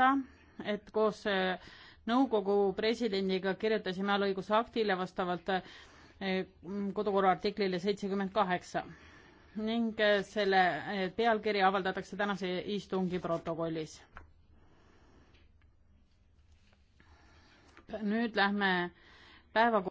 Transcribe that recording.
märkida, et koos äh, nõukogu presidendiga kirjutasime allõigusaktile vastavalt äh, kodukorra artiklile seitsekümmend kaheksa ning äh, selle pealkiri avaldatakse tänase istungi protokollis. nüüd lähme päevakorda.